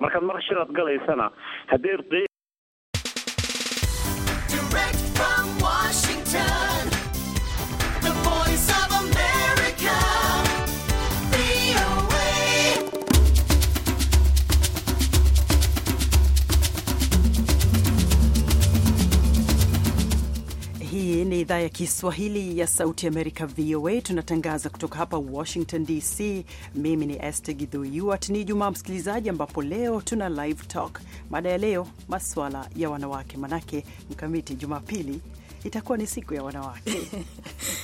markaad mar shir aad galaysana hadii idhaa ya Kiswahili ya Sauti Amerika, VOA. Tunatangaza kutoka hapa Washington DC. Mimi ni Este Gidhuat. Ni Jumaa msikilizaji, ambapo leo tuna live talk. Mada ya leo maswala ya wanawake, manake Mkamiti Jumapili itakuwa ni siku ya wanawake.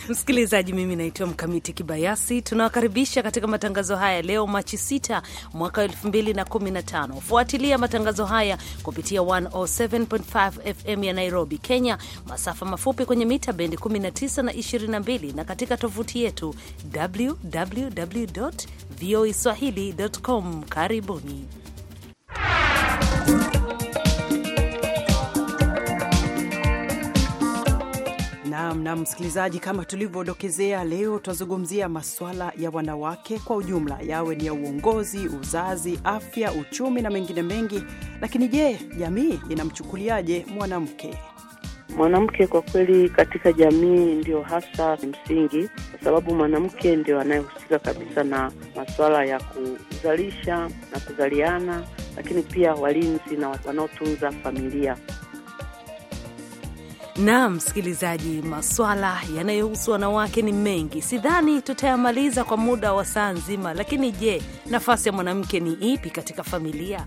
Msikilizaji, mimi naitwa Mkamiti Kibayasi. Tunawakaribisha katika matangazo haya leo Machi 6 mwaka 2015. Fuatilia matangazo haya kupitia 107.5 FM ya Nairobi, Kenya, masafa mafupi kwenye mita bendi 19 na 22, na katika tovuti yetu www voaswahili.com. Karibuni. Naam, na msikilizaji, kama tulivyodokezea, leo tutazungumzia masuala ya wanawake kwa ujumla, yawe ni ya uongozi, uzazi, afya, uchumi na mengine mengi. Lakini je, jamii inamchukuliaje mwanamke? Mwanamke kwa kweli katika jamii ndio hasa msingi, kwa sababu mwanamke ndio anayehusika kabisa na masuala ya kuzalisha na kuzaliana, lakini pia walinzi na wanaotunza familia na msikilizaji, maswala yanayohusu wanawake ni mengi. Sidhani tutayamaliza kwa muda wa saa nzima, lakini je, nafasi ya mwanamke ni ipi katika familia?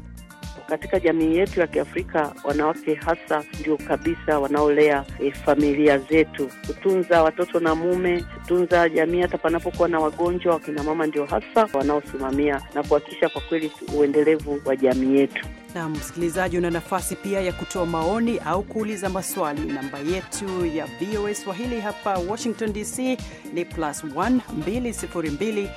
Katika jamii yetu ya Kiafrika, wanawake hasa ndio kabisa wanaolea e, familia zetu, kutunza watoto na mume, kutunza jamii. Hata panapokuwa na wagonjwa, wakina mama ndio hasa wanaosimamia na kuhakikisha kwa kweli uendelevu wa jamii yetu na msikilizaji, una nafasi pia ya kutoa maoni au kuuliza maswali. Namba yetu ya VOA Swahili hapa Washington DC ni plus 1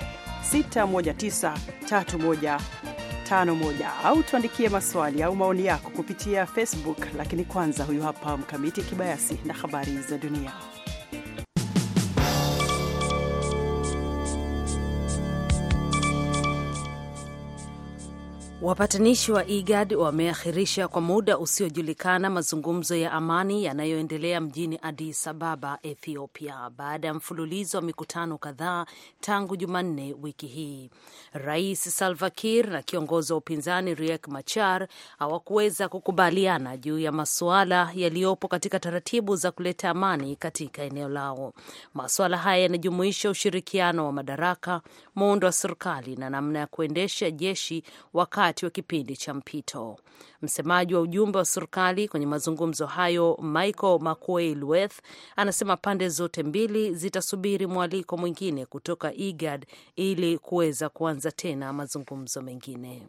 619 au tuandikie maswali au maoni yako kupitia Facebook. Lakini kwanza, huyu hapa Mkamiti Kibayasi na habari za dunia. Wapatanishi wa IGAD wameahirisha kwa muda usiojulikana mazungumzo ya amani yanayoendelea mjini Addis Ababa, Ethiopia, baada ya mfululizo wa mikutano kadhaa tangu Jumanne wiki hii. Rais Salva Kiir na kiongozi wa upinzani Riek Machar hawakuweza kukubaliana juu ya masuala yaliyopo katika taratibu za kuleta amani katika eneo lao. Masuala haya yanajumuisha ushirikiano wa madaraka, muundo wa serikali na namna ya kuendesha jeshi wakati wakati wa kipindi cha mpito. Msemaji wa ujumbe wa serikali kwenye mazungumzo hayo Michael Makuei Lueth anasema pande zote mbili zitasubiri mwaliko mwingine kutoka IGAD ili kuweza kuanza tena mazungumzo mengine.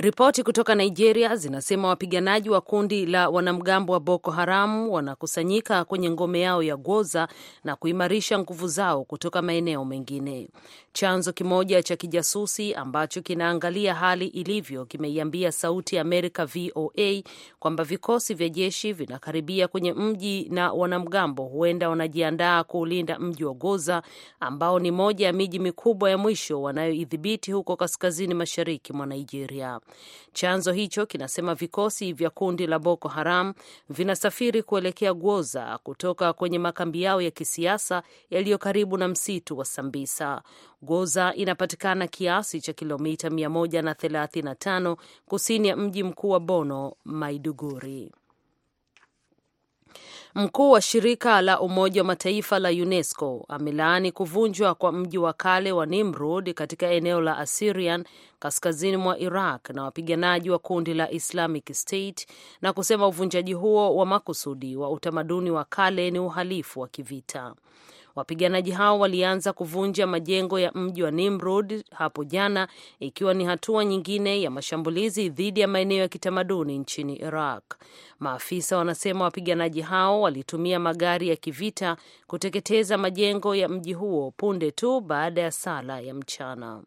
Ripoti kutoka Nigeria zinasema wapiganaji wa kundi la wanamgambo wa Boko Haram wanakusanyika kwenye ngome yao ya Gwoza na kuimarisha nguvu zao kutoka maeneo mengine. Chanzo kimoja cha kijasusi ambacho kinaangalia hali ilivyo kimeiambia Sauti ya Amerika VOA kwamba vikosi vya jeshi vinakaribia kwenye mji na wanamgambo huenda wanajiandaa kuulinda mji wa Gwoza ambao ni moja ya miji mikubwa ya mwisho wanayoidhibiti huko kaskazini mashariki mwa Nigeria. Chanzo hicho kinasema vikosi vya kundi la Boko Haram vinasafiri kuelekea Gwoza kutoka kwenye makambi yao ya kisiasa yaliyo karibu na msitu wa Sambisa. Gwoza inapatikana kiasi cha kilomita 135 kusini ya mji mkuu wa Bono, Maiduguri. Mkuu wa shirika la Umoja wa Mataifa la UNESCO amelaani kuvunjwa kwa mji wa kale wa Nimrud katika eneo la Assyrian kaskazini mwa Iraq na wapiganaji wa kundi la Islamic State na kusema uvunjaji huo wa makusudi wa utamaduni wa kale ni uhalifu wa kivita. Wapiganaji hao walianza kuvunja majengo ya mji wa Nimrud hapo jana, ikiwa ni hatua nyingine ya mashambulizi dhidi ya maeneo ya kitamaduni nchini Iraq. Maafisa wanasema wapiganaji hao walitumia magari ya kivita kuteketeza majengo ya mji huo punde tu baada ya sala ya mchana.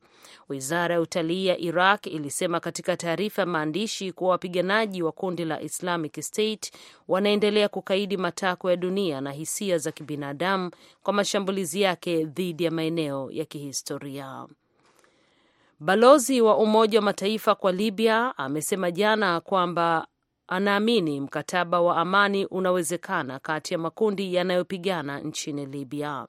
Wizara ya utalii ya Iraq ilisema katika taarifa ya maandishi kuwa wapiganaji wa kundi la Islamic State wanaendelea kukaidi matakwa ya dunia na hisia za kibinadamu kwa mashambulizi yake dhidi ya maeneo ya kihistoria. Balozi wa Umoja wa Mataifa kwa Libya amesema jana kwamba anaamini mkataba wa amani unawezekana kati ya makundi yanayopigana nchini Libya.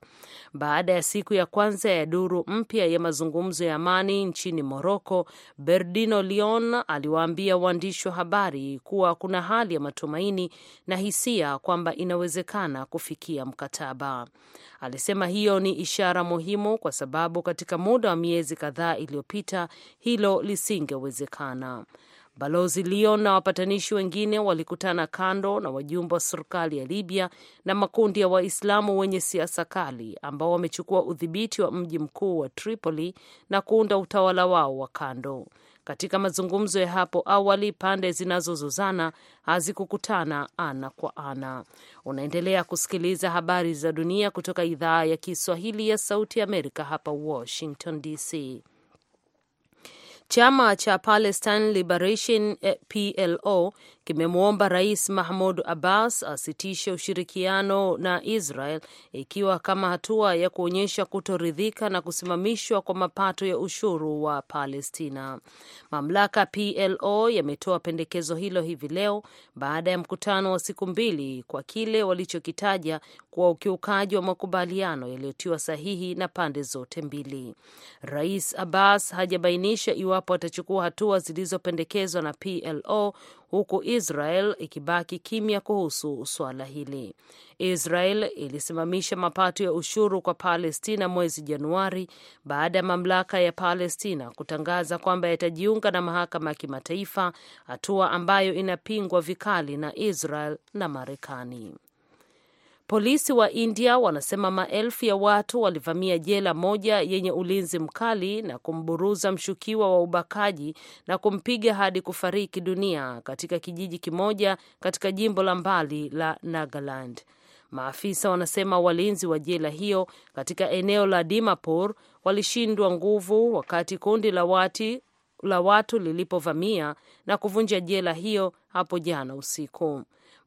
Baada ya siku ya kwanza ya duru mpya ya mazungumzo ya amani nchini Moroko, Bernardino Leon aliwaambia waandishi wa habari kuwa kuna hali ya matumaini na hisia kwamba inawezekana kufikia mkataba. Alisema hiyo ni ishara muhimu, kwa sababu katika muda wa miezi kadhaa iliyopita hilo lisingewezekana. Balozi Leon na wapatanishi wengine walikutana kando na wajumbe wa serikali ya Libya na makundi ya Waislamu wenye siasa kali ambao wamechukua udhibiti wa mji mkuu wa Tripoli na kuunda utawala wao wa kando. Katika mazungumzo ya hapo awali, pande zinazozozana hazikukutana ana kwa ana. Unaendelea kusikiliza habari za dunia kutoka idhaa ya Kiswahili ya Sauti ya Amerika hapa Washington DC. Chama cha Palestine Liberation eh, PLO kimemwomba Rais Mahmud Abbas asitishe ushirikiano na Israel ikiwa kama hatua ya kuonyesha kutoridhika na kusimamishwa kwa mapato ya ushuru wa Palestina. Mamlaka PLO yametoa pendekezo hilo hivi leo baada ya mkutano wa siku mbili kwa kile walichokitaja kuwa ukiukaji wa makubaliano yaliyotiwa sahihi na pande zote mbili. Rais Abbas hajabainisha iwapo atachukua hatua zilizopendekezwa na PLO huku Israel ikibaki kimya kuhusu suala hili. Israel ilisimamisha mapato ya ushuru kwa Palestina mwezi Januari baada ya mamlaka ya Palestina kutangaza kwamba yatajiunga na mahakama ya kimataifa, hatua ambayo inapingwa vikali na Israel na Marekani. Polisi wa India wanasema maelfu ya watu walivamia jela moja yenye ulinzi mkali na kumburuza mshukiwa wa ubakaji na kumpiga hadi kufariki dunia katika kijiji kimoja katika jimbo la mbali la Nagaland. Maafisa wanasema walinzi wa jela hiyo katika eneo la Dimapur walishindwa nguvu wakati kundi la watu la watu lilipovamia na kuvunja jela hiyo hapo jana usiku.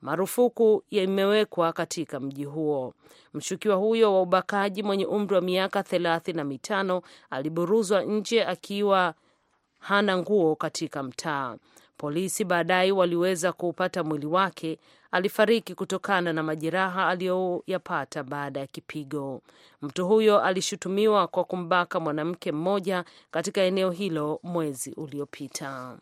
Marufuku imewekwa katika mji huo. Mshukiwa huyo wa ubakaji mwenye umri wa miaka thelathini na mitano aliburuzwa nje akiwa hana nguo katika mtaa. Polisi baadaye waliweza kuupata mwili wake. Alifariki kutokana na majeraha aliyoyapata baada ya kipigo. Mtu huyo alishutumiwa kwa kumbaka mwanamke mmoja katika eneo hilo mwezi uliopita.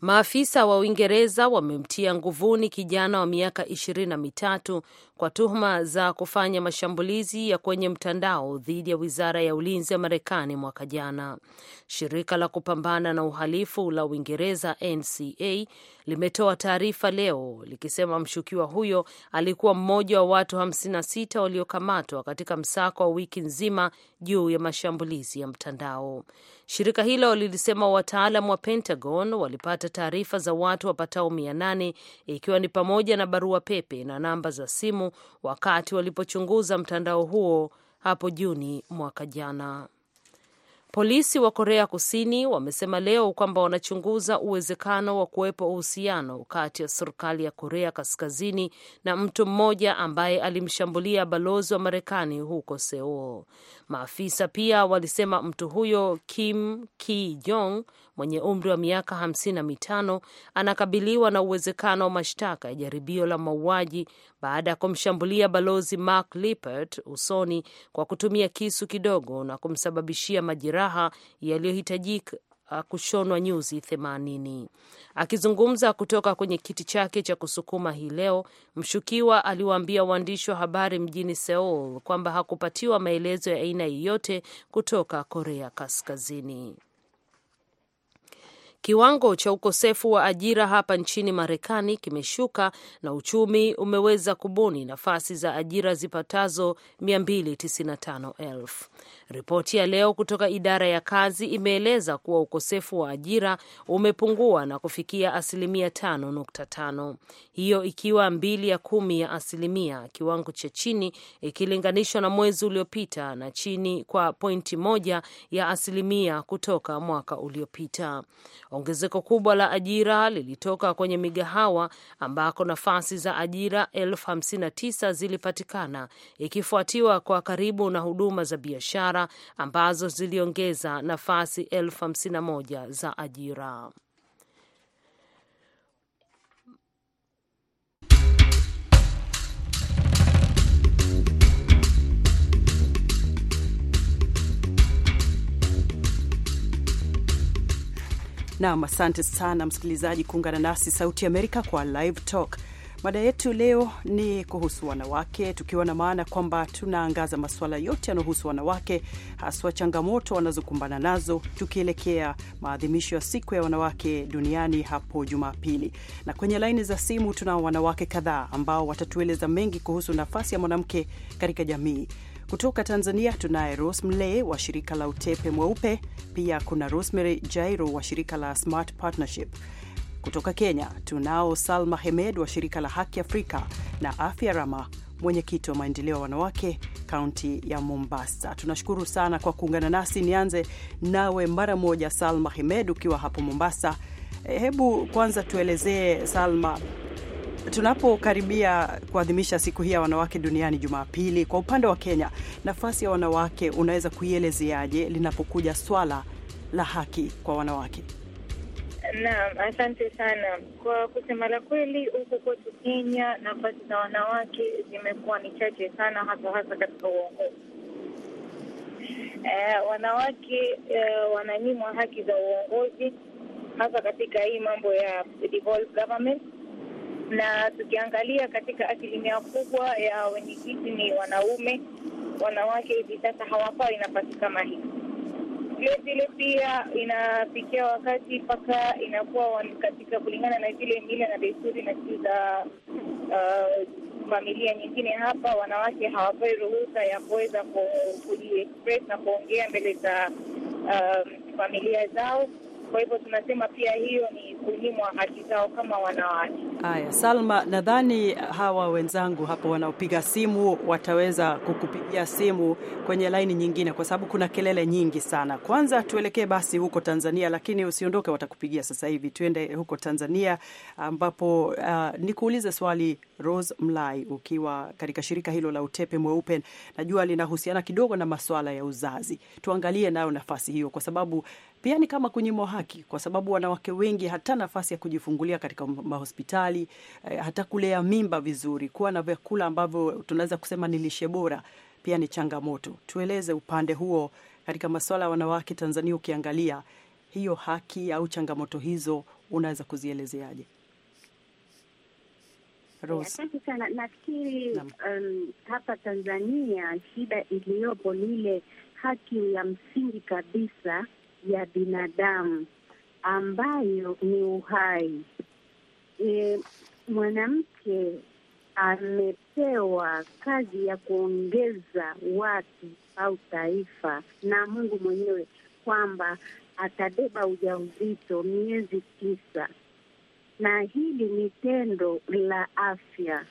Maafisa wa Uingereza wamemtia nguvuni kijana wa miaka ishirini na mitatu kwa tuhuma za kufanya mashambulizi ya kwenye mtandao dhidi ya wizara ya ulinzi ya Marekani mwaka jana. Shirika la kupambana na uhalifu la Uingereza NCA limetoa taarifa leo likisema mshukiwa huyo alikuwa mmoja wa watu 56 waliokamatwa katika msako wa wiki nzima juu ya mashambulizi ya mtandao. Shirika hilo lilisema wataalam wa Pentagon walipata kupata taarifa za watu wapatao mia nane ikiwa ni pamoja na barua pepe na namba za simu wakati walipochunguza mtandao huo hapo Juni mwaka jana. Polisi wa Korea Kusini wamesema leo kwamba wanachunguza uwezekano wa kuwepo uhusiano kati ya serikali ya Korea Kaskazini na mtu mmoja ambaye alimshambulia balozi wa Marekani huko Seoul. Maafisa pia walisema mtu huyo Kim Ki Jong mwenye umri wa miaka hamsini na mitano anakabiliwa na uwezekano wa mashtaka ya jaribio la mauaji baada ya kumshambulia balozi Mark Lippert usoni kwa kutumia kisu kidogo na kumsababishia majeraha yaliyohitajika uh, kushonwa nyuzi themanini. Akizungumza kutoka kwenye kiti chake cha kusukuma hii leo, mshukiwa aliwaambia waandishi wa habari mjini Seoul kwamba hakupatiwa maelezo ya aina yoyote kutoka Korea Kaskazini. Kiwango cha ukosefu wa ajira hapa nchini Marekani kimeshuka na uchumi umeweza kubuni nafasi za ajira zipatazo 295,000. Ripoti ya leo kutoka idara ya kazi imeeleza kuwa ukosefu wa ajira umepungua na kufikia asilimia 5.5, hiyo ikiwa mbili ya kumi ya asilimia, kiwango cha chini ikilinganishwa na mwezi uliopita na chini kwa pointi moja ya asilimia kutoka mwaka uliopita. Ongezeko kubwa la ajira lilitoka kwenye migahawa ambako nafasi za ajira 59 zilipatikana ikifuatiwa kwa karibu na huduma za biashara ambazo ziliongeza nafasi 51 za ajira. Nam, asante sana msikilizaji kuungana nasi Sauti Amerika kwa Live Talk. Mada yetu leo ni kuhusu wanawake, tukiwa na maana kwamba tunaangaza masuala yote yanayohusu wanawake, haswa changamoto wanazokumbana nazo, tukielekea maadhimisho ya siku ya wanawake duniani hapo Jumapili. Na kwenye laini za simu tunao wanawake kadhaa ambao watatueleza mengi kuhusu nafasi ya mwanamke katika jamii. Kutoka Tanzania tunaye Rose wa shirika la utepe mweupe, pia kuna Rosemary Jairo wa shirika la Smart Partnership. Kutoka Kenya tunao Salma Hemed wa shirika la Haki Afrika na Afya Rama, mwenyekiti wa maendeleo ya wanawake kaunti ya Mombasa. Tunashukuru sana kwa kuungana nasi. Nianze nawe mara moja, Salma Hemed, ukiwa hapo Mombasa. Hebu kwanza tuelezee Salma, tunapokaribia kuadhimisha siku hii ya wanawake duniani Jumapili, kwa upande wa Kenya, nafasi ya wanawake unaweza kuielezeaje linapokuja swala la haki kwa wanawake? Naam, asante sana. Kwa kusema la kweli, huku kwetu Kenya nafasi za wanawake zimekuwa ni chache sana, hasa hasa katika uongozi. Eh, wanawake eh, wananyimwa haki za uongozi, hasa katika hii mambo ya government na tukiangalia katika asilimia kubwa ya wenyekiti ni wanaume, wanawake hivi sasa hawapawi nafasi kama hii. Vilevile pia inafikia wakati mpaka inakuwa katika kulingana na zile mila na desturi na si za uh, familia nyingine hapa, wanawake hawapewi ruhusa ya kuweza kujiexpress na kuongea mbele za um, familia zao kwa hivyo tunasema pia hiyo ni kunyimwa haki zao kama wanawake. Haya, Salma, nadhani hawa wenzangu hapo wanaopiga simu wataweza kukupigia simu kwenye laini nyingine, kwa sababu kuna kelele nyingi sana. Kwanza tuelekee basi huko Tanzania, lakini usiondoke, watakupigia sasa hivi. Tuende huko Tanzania ambapo uh, nikuulize swali Rose Mlai, ukiwa katika shirika hilo la Utepe Mweupe, najua linahusiana kidogo na maswala ya uzazi. Tuangalie nayo nafasi hiyo, kwa sababu pia ni kama kunyimwa haki, kwa sababu wanawake wengi hata nafasi ya kujifungulia katika mahospitali, eh, hata kulea mimba vizuri, kuwa na vyakula ambavyo tunaweza kusema ni lishe bora, pia ni changamoto. Tueleze upande huo katika masuala ya wanawake Tanzania, ukiangalia hiyo haki au changamoto hizo unaweza kuzielezeaje? Asante sana. Nafikiri um, hapa Tanzania shida iliyopo ni ile haki ya msingi kabisa ya binadamu ambayo ni uhai. E, mwanamke amepewa kazi ya kuongeza watu au taifa na Mungu mwenyewe kwamba atabeba ujauzito miezi tisa, na hili ni tendo la afya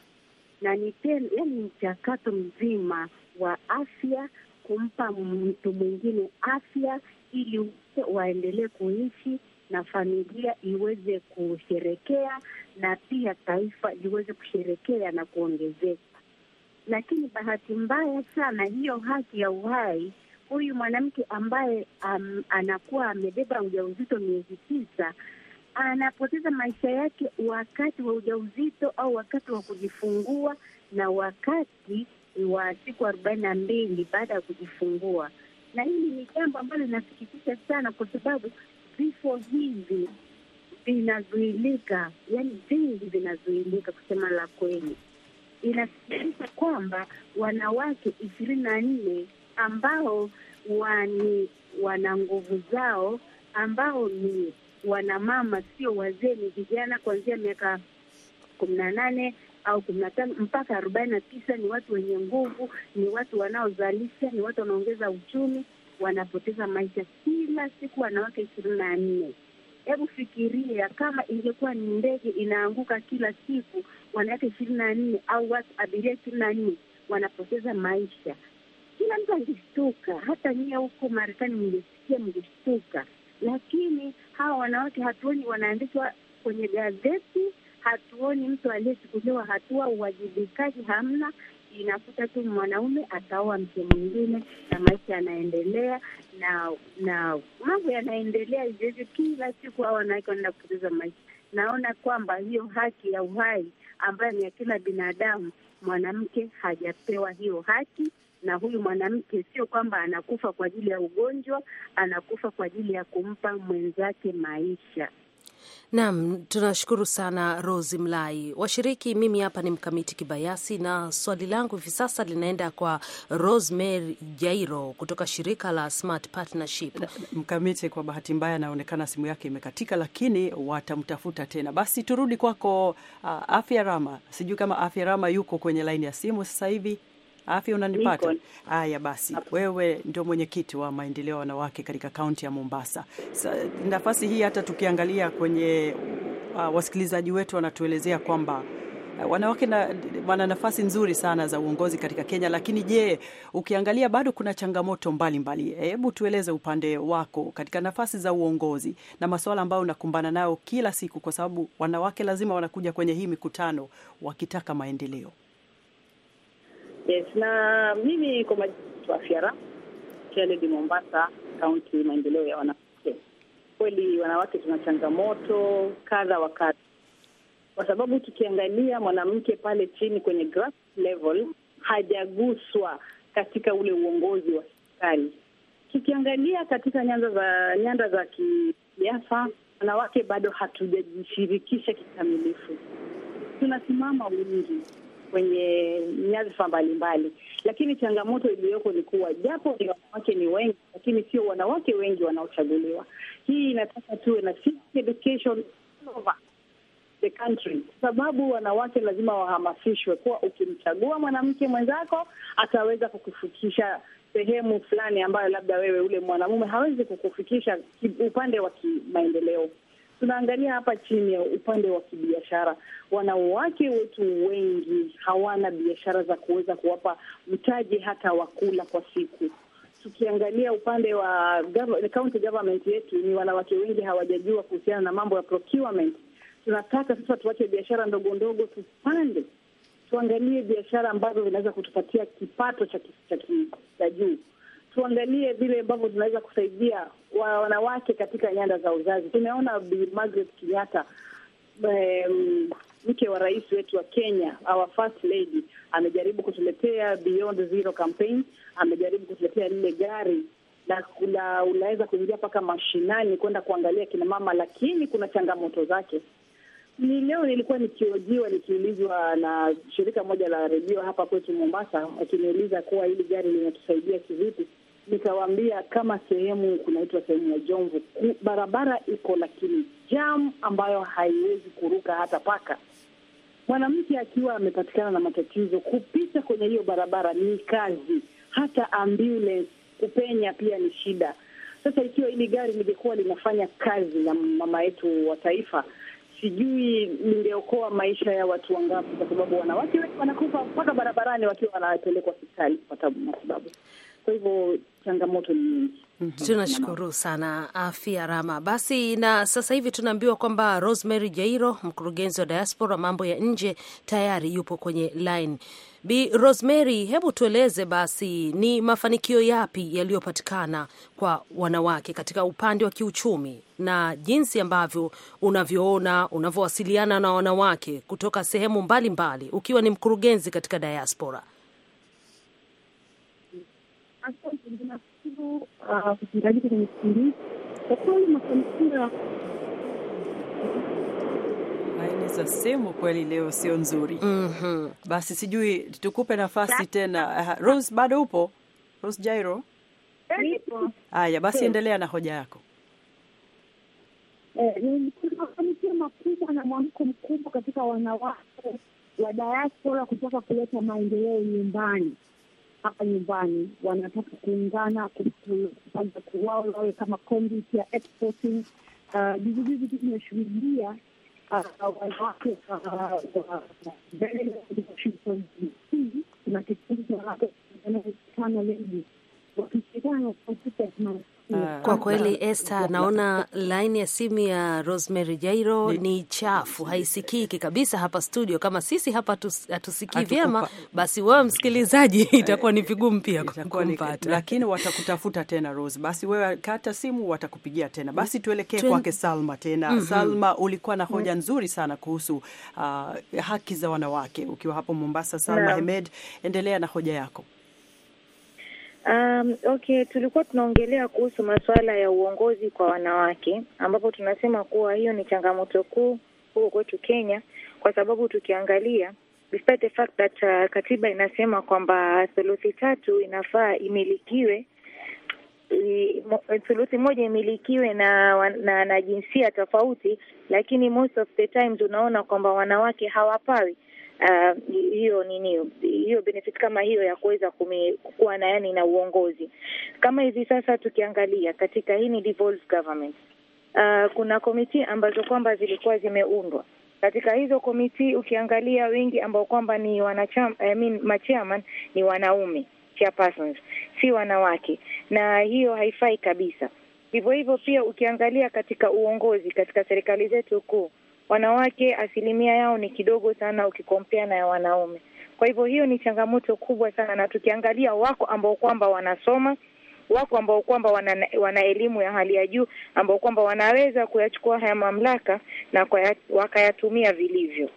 na ni tendo, yani mchakato mzima wa afya kumpa mtu mwingine afya ili waendelee kuishi na familia iweze kusherekea na pia taifa liweze kusherekea na kuongezeka. Lakini bahati mbaya sana, hiyo haki ya uhai, huyu mwanamke ambaye um, anakuwa amebeba ujauzito miezi tisa anapoteza maisha yake wakati wa ujauzito au wakati wa kujifungua na wakati wa siku arobaini na mbili baada ya kujifungua, na hili ni jambo ambalo linasikitisha sana, kwa sababu vifo hivi vinazuilika, yani vingi vinazuilika, kusema la kweli. Inasikitisha kwamba wanawake ishirini na nne ambao wani wana nguvu zao, ambao ni wanamama, sio wazee, ni vijana kuanzia miaka kumi na nane au kumi na tano mpaka arobaini na tisa ni watu wenye nguvu, ni watu wanaozalisha, ni watu wanaongeza uchumi, wanapoteza maisha kila siku wanawake ishirini na nne. Hebu fikiria kama ingekuwa ni ndege inaanguka kila siku, wanawake ishirini na nne au watu abiria ishirini na nne wanapoteza maisha, kila mtu angeshtuka. Hata nyie huko Marekani mngesikia, mngeshtuka, lakini hawa wanawake hatuoni wanaandikwa kwenye gazeti hatuoni mtu aliyechukuliwa hatua, uwajibikaji hamna. Inakuta tu mwanaume ataoa mke mwingine na maisha yanaendelea, na na mambo yanaendelea hivyo hivyo, kila siku hao wanawake wanaenda kupoteza maisha. Naona kwamba hiyo haki ya uhai ambayo ni ya kila binadamu, mwanamke hajapewa hiyo haki na huyu mwanamke sio kwamba anakufa kwa ajili ya ugonjwa, anakufa kwa ajili ya kumpa mwenzake maisha. Naam, tunashukuru sana Rosi Mlai. Washiriki, mimi hapa ni Mkamiti Kibayasi, na swali langu hivi sasa linaenda kwa Rosemary Jairo kutoka shirika la Smart Partnership. Mkamiti, kwa bahati mbaya anaonekana simu yake imekatika, lakini watamtafuta tena. Basi turudi kwako, uh, Afya Rama. Sijui kama Afya Rama yuko kwenye laini ya simu sasa hivi afya unanipata? Haya basi Wewe ndio mwenyekiti wa maendeleo ya wanawake katika kaunti ya Mombasa. Sa, nafasi hii hata tukiangalia kwenye uh, wasikilizaji wetu wanatuelezea kwamba uh, wanawake na, wana nafasi nzuri sana za uongozi katika Kenya, lakini je, ukiangalia bado kuna changamoto mbalimbali. Hebu tueleze upande wako katika nafasi za uongozi na masuala ambayo unakumbana nayo kila siku, kwa sababu wanawake lazima wanakuja kwenye hii mikutano wakitaka maendeleo. Yes, na mimi kwa majina Fiara di Mombasa kaunti maendeleo ya wanawake. Kweli wanawake tuna changamoto kadha wa kadha, kwa sababu tukiangalia mwanamke pale chini kwenye grass level hajaguswa katika ule uongozi wa serikali. Tukiangalia katika nyanda za nyanda za kisiasa, wanawake bado hatujajishirikisha kikamilifu, tunasimama wingi kwenye nyadhifa mbalimbali, lakini changamoto iliyoko ni kuwa japo ni wanawake ni wengi, lakini sio wanawake wengi wanaochaguliwa. Hii inataka tuwe na education over the country, kwa sababu wanawake lazima wahamasishwe kuwa ukimchagua mwanamke mwenzako ataweza kukufikisha sehemu fulani ambayo labda wewe ule mwanamume hawezi kukufikisha upande wa kimaendeleo tunaangalia hapa chini ya upande wa kibiashara, wanawake wetu wengi hawana biashara za kuweza kuwapa mtaji hata wa kula kwa siku. Tukiangalia upande wa county government yetu, ni wanawake wengi hawajajua kuhusiana na mambo ya procurement. Tunataka sasa tuache biashara ndogo ndogo, tupande tuangalie biashara ambazo zinaweza kutupatia kipato cha juu tuangalie vile ambavyo tunaweza kusaidia wanawake katika nyanda za uzazi. Tumeona Bi Margaret Kenyatta um, mke wa rais wetu wa Kenya, our first lady, amejaribu kutuletea Beyond Zero campaign, amejaribu kutuletea lile gari na kula, unaweza kuingia mpaka mashinani kwenda kuangalia kina mama, lakini kuna changamoto zake. Ni leo nilikuwa nikiojiwa nikiulizwa na shirika moja la redio hapa kwetu Mombasa, akiniuliza kuwa hili gari linatusaidia kivipi, nitawaambia kama sehemu kunaitwa sehemu ya Jomvu, barabara iko lakini jam ambayo haiwezi kuruka hata paka. Mwanamke akiwa amepatikana na matatizo, kupita kwenye hiyo barabara ni kazi, hata ambulance kupenya pia ni shida. Sasa ikiwa hili gari lingekuwa linafanya kazi na mama yetu wa taifa, sijui lingeokoa maisha ya watu wangapi, kwa sababu wanawake wengi wanakufa mpaka barabarani wakiwa wanapelekwa hospitali kupata matibabu. Kwa hivyo changamoto ni nyingi. Mhm. Tunashukuru sana afya Rama. Basi na sasa hivi tunaambiwa kwamba Rosemary Jairo, mkurugenzi wa diaspora mambo ya nje, tayari yupo kwenye line. Bi Rosemary, hebu tueleze basi ni mafanikio yapi yaliyopatikana kwa wanawake katika upande wa kiuchumi na jinsi ambavyo unavyoona unavyowasiliana na wanawake kutoka sehemu mbalimbali mbali, ukiwa ni mkurugenzi katika diaspora. vinginevyo uh, kwenye kwa kweli mafanikio za simu kweli leo sio nzuri. mm -hmm. Basi sijui tukupe nafasi tena. Uh, Rose bado upo? Rose Jairo? Eh, Haya basi endelea na hoja yako. Eh, mafanikio makubwa na mwamko mkubwa katika wanawake wa diaspora kutoka kuleta maendeleo nyumbani hapa nyumbani, wanataka kuungana wao wawe kama ya exporting. Juzijuzi ah, tu tumeshuhudia ah, wanawake ah, na kikundi cha wanawake wakishirikiana na kompyuta ya kwa, kweli Esther, naona laini ya simu ya Rosemary Jairo ni chafu, haisikiki kabisa hapa studio. Kama sisi hapa hatusikii vyema, basi wewe msikilizaji eh, itakuwa ni vigumu pia kumpata, lakini watakutafuta tena Rose. Basi wewe kata simu, watakupigia tena. Basi tuelekee kwake Salma tena. mm -hmm. Salma, ulikuwa na hoja mm. nzuri sana kuhusu uh, haki za wanawake ukiwa hapo Mombasa. Salma Hemed, endelea na hoja yako. Um, okay, tulikuwa tunaongelea kuhusu masuala ya uongozi kwa wanawake ambapo tunasema kuwa hiyo ni changamoto kuu huko kwetu Kenya kwa sababu tukiangalia despite the fact that uh, katiba inasema kwamba thuluthi tatu inafaa imilikiwe thuluthi moja imilikiwe na, na na jinsia tofauti, lakini most of the times unaona kwamba wanawake hawapawi Ah, hiyo uh, nini hiyo benefit kama hiyo ya kuweza kuwa na yani na uongozi kama hivi sasa. Tukiangalia katika hii ni devolved government uh, kuna komiti ambazo kwamba zilikuwa zimeundwa katika hizo komiti. Ukiangalia wengi ambao kwamba ni wanachama, I mean, machairman ni wanaume chairpersons, si wanawake, na hiyo haifai kabisa. Hivyo hivyo pia ukiangalia katika uongozi katika serikali zetu kuu Wanawake asilimia yao ni kidogo sana ukikompea na ya wanaume. Kwa hivyo hiyo ni changamoto kubwa sana, na tukiangalia wako ambao kwamba wanasoma, wako ambao kwamba wana, wana elimu ya hali ya juu ambao kwamba wanaweza kuyachukua haya mamlaka na wakayatumia vilivyo.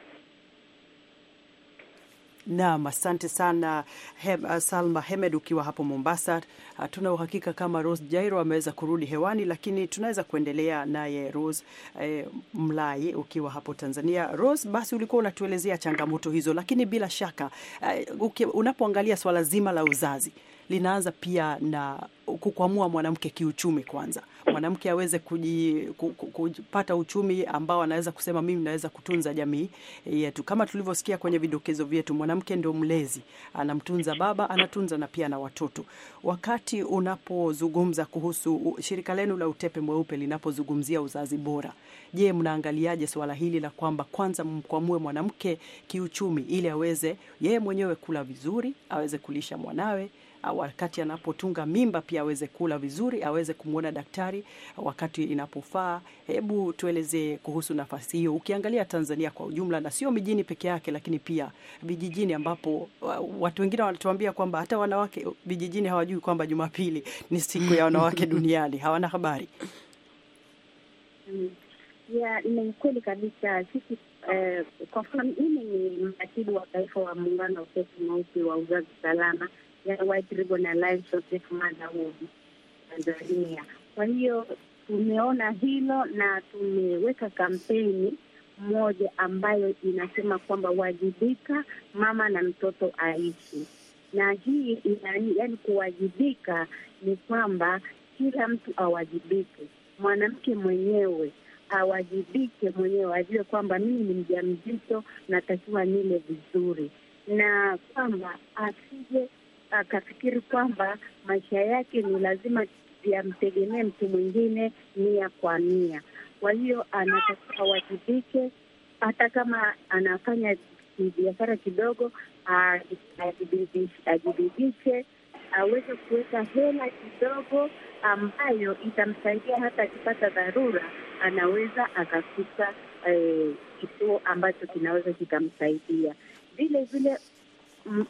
Naam, asante sana Hem, uh, Salma Hemed ukiwa hapo Mombasa. Hatuna uh, uhakika kama Rose Jairo ameweza kurudi hewani, lakini tunaweza kuendelea naye Rose eh, Mlai ukiwa hapo Tanzania. Rose, basi ulikuwa unatuelezea changamoto hizo, lakini bila shaka eh, unapoangalia swala zima la uzazi linaanza pia na kukwamua mwanamke kiuchumi kwanza mwanamke aweze kupata uchumi ambao anaweza kusema mimi naweza kutunza jamii yetu. Kama tulivyosikia kwenye vidokezo vyetu, mwanamke ndio mlezi, anamtunza baba, anatunza na pia na watoto. Wakati unapozungumza kuhusu shirika lenu la Utepe Mweupe linapozungumzia uzazi bora, je, mnaangaliaje swala hili la kwamba kwanza mkwamue mwanamke kiuchumi, ili aweze yeye mwenyewe kula vizuri, aweze kulisha mwanawe wakati anapotunga mimba pia aweze kula vizuri, aweze kumwona daktari wakati inapofaa. Hebu tueleze kuhusu nafasi hiyo, ukiangalia Tanzania kwa ujumla, na sio mijini peke yake, lakini pia vijijini, ambapo uh, watu wengine wanatuambia kwamba hata wanawake vijijini hawajui kwamba Jumapili ni siku ya wanawake duniani, hawana habari. Mm. Yeah, ni kabisa. Sisi eh, kwa mfano mimi ni mratibu wa taifa wa muungano wa usafi mweusi wa uzazi salama ya White Ribbon Alliance Joseph Motherhood Tanzania. Kwa hiyo tumeona hilo na tumeweka kampeni moja ambayo inasema kwamba wajibika, mama na mtoto aishi. Na hii ina yani kuwajibika ni kwamba kila mtu awajibike, mwanamke mwenyewe awajibike mwenyewe, ajue kwamba mimi ni mjamzito, natakiwa nile vizuri, na kwamba asije akafikiri kwamba maisha yake ni lazima yamtegemee mtu mwingine mia kwa mia. Kwa hiyo anatakiwa awajibike, hata kama anafanya biashara kidogo, ajibidishe, aweze kuweka hela kidogo ambayo itamsaidia hata akipata dharura, anaweza akafika eh, kituo ambacho kinaweza kikamsaidia. Vile vile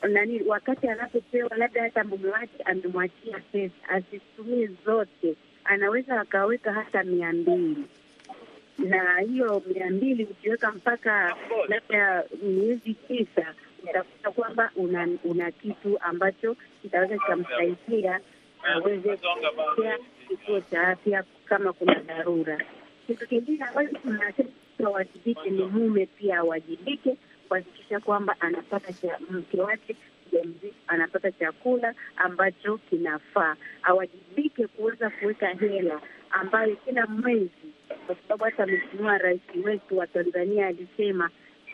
nani, wakati anapopewa labda hata mume wake amemwachia pesa, asitumie zote, anaweza akaweka hata mia mbili na hiyo mia mbili ukiweka mpaka labda miezi tisa utakuta kwamba una, una kitu ambacho kitaweza kikamsaidia aweze kuea kituo cha afya kama kuna dharura. Kitu kingine ambacho tunasema wajibike ni mume pia awajibike kuhakikisha kwamba anapata mke wake mjamzito anapata chakula ambacho kinafaa, awajibike kuweza kuweka hela ambayo kila mwezi, kwa sababu hata Mheshimiwa Rais wetu wa Tanzania alisema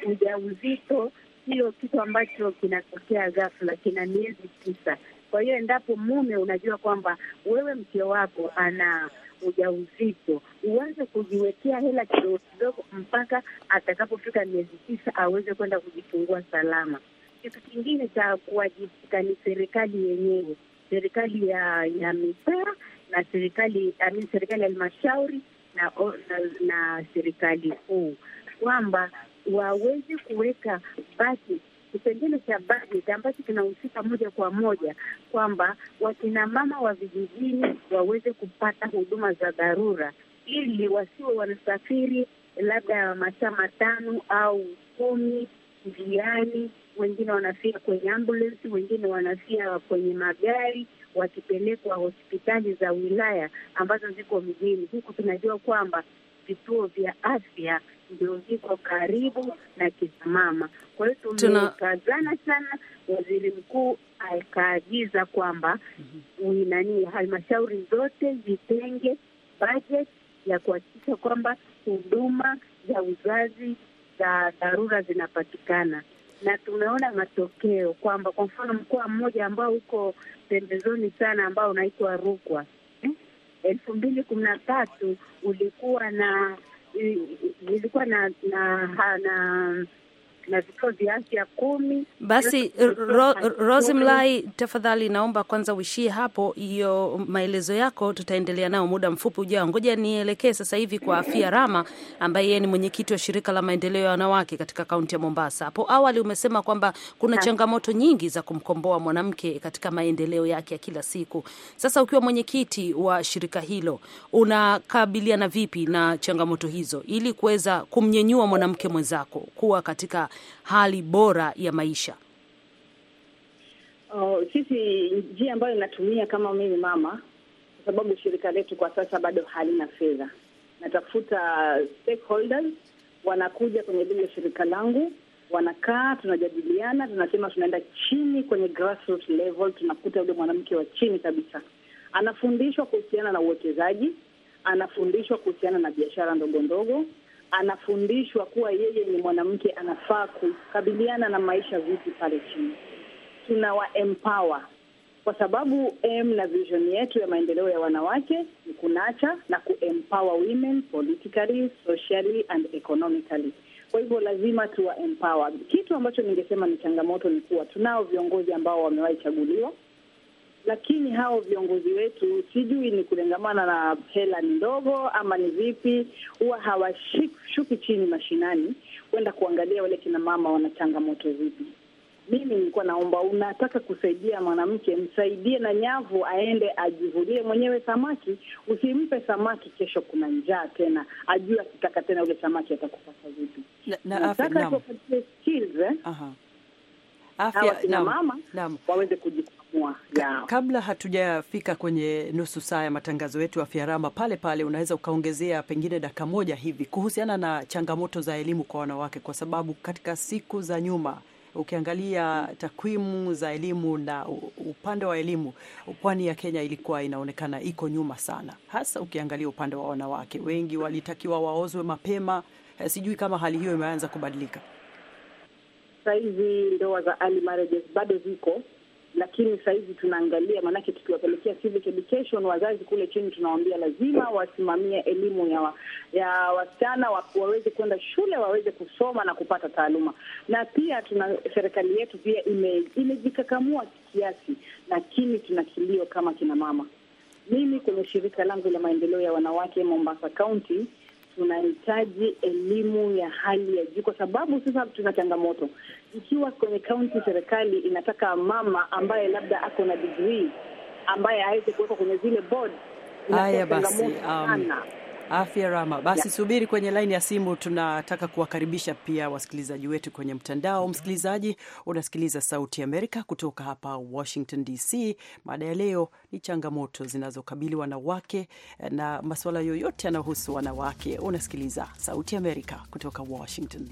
ujauzito sio kitu ambacho kinatokea ghafla, kina miezi tisa. Kwa hiyo endapo mume unajua kwamba wewe mke wako ana ujauzito, uanze kujiwekea hela kidogo kidogo mpaka atakapofika miezi tisa aweze kwenda kujifungua salama. Kitu kingine cha kuwajibika ni serikali yenyewe, serikali ya ya mitaa na serikali serikali ya halmashauri na, na, na serikali kuu kwamba waweze kuweka basi kipengele cha bajeti ambacho kinahusika moja kwa moja kwamba wakinamama wa vijijini waweze kupata huduma za dharura, ili wasiwe wanasafiri labda masaa matano au kumi njiani. Wengine wanafia kwenye ambulensi, wengine wanafia kwenye magari wakipelekwa hospitali za wilaya ambazo ziko mjini. Huku tunajua kwamba vituo vya afya ndio viko karibu na kisimama. Kwa hiyo tumekazana sana, waziri mkuu akaagiza kwamba mhm. nani, halmashauri zote zitenge bajeti ya kuhakikisha kwamba huduma za uzazi za dharura zinapatikana, na tumeona matokeo kwamba kwa mfano mkoa mmoja ambao uko pembezoni sana ambao unaitwa Rukwa elfu mbili kumi na tatu ulikuwa na ilikuwa eh, na na, na, na na vituo vya afya kumi. Basi ro, tafadhali naomba kwanza uishie hapo. Hiyo maelezo yako tutaendelea nayo muda mfupi ujao. Ngoja nielekee sasa hivi kwa Afia Rama ambaye yeye ni mwenyekiti wa shirika la maendeleo ya wanawake katika kaunti ya Mombasa. Hapo awali umesema kwamba kuna changamoto nyingi za kumkomboa mwanamke katika maendeleo yake ya kila siku. Sasa ukiwa mwenyekiti wa shirika hilo, unakabiliana vipi na changamoto hizo ili kuweza kumnyenyua mwanamke mwenzako kuwa katika hali bora ya maisha? Oh, sisi njia ambayo inatumia kama mimi mama, kwa sababu shirika letu kwa sasa bado halina fedha, natafuta stakeholders, wanakuja kwenye lile shirika langu wanakaa tunajadiliana, tunasema tunaenda chini kwenye grassroots level, tunakuta yule mwanamke wa chini kabisa anafundishwa kuhusiana na uwekezaji, anafundishwa kuhusiana na biashara ndogo ndogo, anafundishwa kuwa yeye ni mwanamke, anafaa kukabiliana na maisha vipi pale chini. Tunawa empower kwa sababu aim na vision yetu ya maendeleo ya wanawake ni kunacha na kuempower women politically, socially and economically. Kwa hivyo lazima tuwa empower. Kitu ambacho ningesema ni changamoto ni kuwa tunao viongozi ambao wamewahi chaguliwa lakini hao viongozi wetu, sijui ni kulengamana na hela ni ndogo ama ni vipi, huwa hawashuki chini mashinani kwenda kuangalia wale kina mama wana changamoto vipi. Mimi nilikuwa naomba, unataka kusaidia mwanamke, msaidie na nyavu aende ajivulie mwenyewe samaki. Usimpe samaki, kesho kuna njaa tena, ajue akitaka tena ule samaki atakupata vipi. Nataka tupatie skills eh, hawa kina mama waweze kuji majukumu yao. Kabla hatujafika kwenye nusu saa ya matangazo yetu afya rama, pale pale unaweza ukaongezea pengine dakika moja hivi kuhusiana na changamoto za elimu kwa wanawake, kwa sababu katika siku za nyuma ukiangalia takwimu za elimu na upande wa elimu, pwani ya Kenya ilikuwa inaonekana iko nyuma sana, hasa ukiangalia upande wa wanawake. Wengi walitakiwa waozwe mapema. Eh, sijui kama hali hiyo imeanza kubadilika. Sasa hizi ndoa za early marriages bado ziko, lakini sasa hivi tunaangalia, maanake tukiwapelekea civic education wazazi kule chini, tunawaambia lazima wasimamie elimu ya, wa, ya wasichana waweze kwenda shule waweze kusoma na kupata taaluma, na pia tuna serikali yetu pia imejikakamua ime kiasi, lakini tuna kilio kama kina mama. Mimi kwenye shirika langu la maendeleo ya wanawake Mombasa County tunahitaji elimu ya hali ya juu, kwa sababu sasa tuna changamoto. Ikiwa kwenye kaunti serikali inataka mama ambaye labda ako na digrii ambaye aweze kuwekwa kwenye zile board, haya um... sana Afya Rama. Basi subiri kwenye laini ya simu, tunataka kuwakaribisha pia wasikilizaji wetu kwenye mtandao. Mm-hmm. Msikilizaji, unasikiliza Sauti Amerika kutoka hapa Washington DC. Mada ya leo ni changamoto zinazokabili wanawake eh, na masuala yoyote yanayohusu wanawake. Unasikiliza Sauti Amerika kutoka Washington.